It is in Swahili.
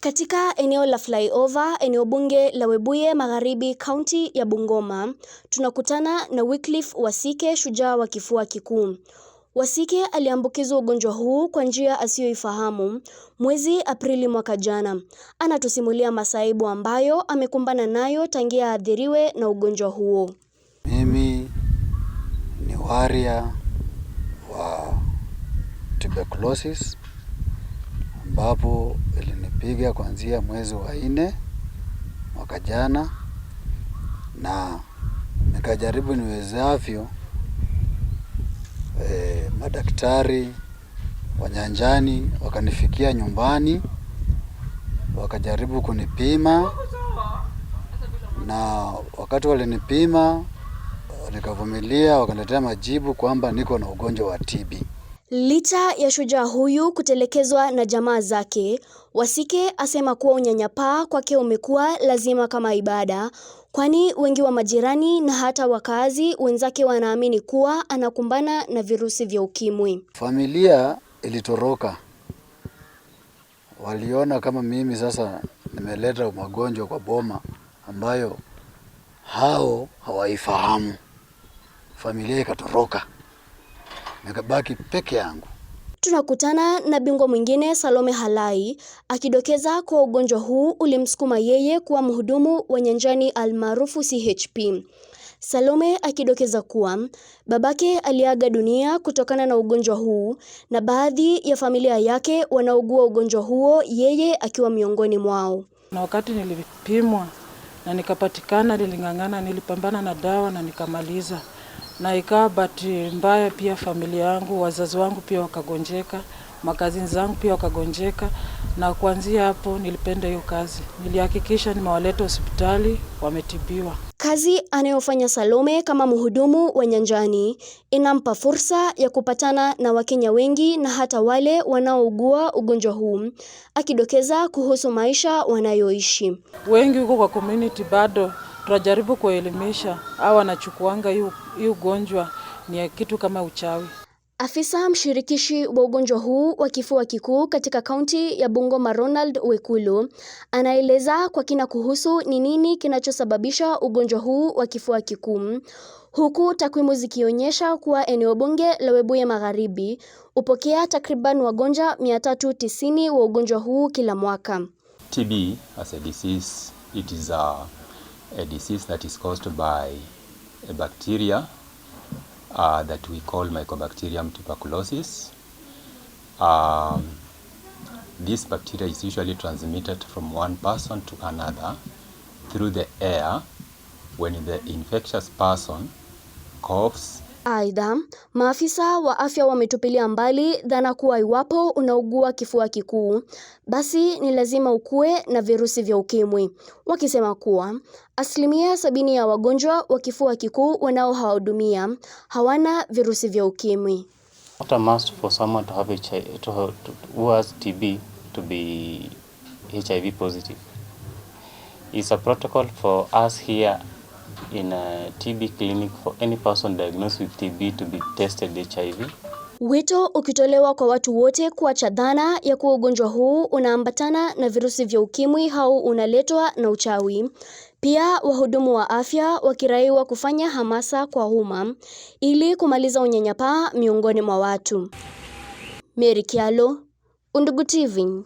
Katika eneo la flyover, eneo bunge la Webuye Magharibi, kaunti ya Bungoma, tunakutana na Wycliffe Wasike, shujaa wa kifua kikuu. Wasike aliambukizwa ugonjwa huu kwa njia asiyoifahamu mwezi Aprili mwaka jana. Anatusimulia masaibu ambayo amekumbana nayo tangia aathiriwe na ugonjwa huo. Mimi ni waria wa tuberculosis sababu ilinipiga kuanzia mwezi wa nne mwaka jana, na nikajaribu niwezavyo e, madaktari wanyanjani wakanifikia nyumbani wakajaribu kunipima, na wakati walinipima nikavumilia, wakaniletea majibu kwamba niko na ugonjwa wa TB. Licha ya shujaa huyu kutelekezwa na jamaa zake, Wasike asema kuwa unyanyapaa kwake umekuwa lazima kama ibada, kwani wengi wa majirani na hata wakaazi wenzake wanaamini kuwa anakumbana na virusi vya ukimwi. Familia ilitoroka, waliona kama mimi sasa nimeleta magonjwa kwa boma ambayo hao hawaifahamu. Familia ikatoroka nikabaki peke yangu. Tunakutana na bingwa mwingine Salome Halai akidokeza kwa ugonjwa huu ulimsukuma yeye kuwa mhudumu wa nyanjani almaarufu CHP. Salome akidokeza kuwa babake aliaga dunia kutokana na ugonjwa huu na baadhi ya familia yake wanaugua ugonjwa huo, yeye akiwa miongoni mwao. Na wakati nilipimwa na nikapatikana, niling'ang'ana, nilipambana na dawa na nikamaliza na ikawa bahati mbaya pia familia yangu, wazazi wangu pia wakagonjeka, makazini zangu pia wakagonjeka, na kuanzia hapo nilipenda hiyo kazi. Nilihakikisha nimewaleta hospitali, wametibiwa. Kazi anayofanya Salome kama mhudumu wa nyanjani inampa fursa ya kupatana na Wakenya wengi na hata wale wanaougua ugonjwa huu, akidokeza kuhusu maisha wanayoishi. Wengi huko kwa community bado tunajaribu kuwaelimisha au wanachukuanga hii ugonjwa ni kitu kama uchawi. Afisa mshirikishi wa ugonjwa huu wa kifua kikuu katika kaunti ya Bungoma Ronald Wekulu anaeleza kwa kina kuhusu ni nini kinachosababisha ugonjwa huu wa kifua kikuu, huku takwimu zikionyesha kuwa eneo bunge la Webuye Magharibi hupokea takriban wagonjwa 390 wa ugonjwa huu kila mwaka. TB as a disease, it is a a disease that is caused by a bacteria uh, that we call Mycobacterium tuberculosis. Um, this bacteria is usually transmitted from one person to another through the air when the infectious person coughs Aidha, maafisa wa afya wametupilia mbali dhana kuwa iwapo unaugua kifua kikuu, basi ni lazima ukue na virusi vya ukimwi, wakisema kuwa asilimia sabini ya wagonjwa wa kifua kikuu wanaowahudumia hawana virusi vya ukimwi in a TB clinic for any person diagnosed with TB to be tested HIV. Wito ukitolewa kwa watu wote kuacha dhana ya kuwa ugonjwa huu unaambatana na virusi vya ukimwi au unaletwa na uchawi. Pia wahudumu wa afya wakiraiwa kufanya hamasa kwa umma ili kumaliza unyanyapaa miongoni mwa watu. Mary Kialo, Undugu TV.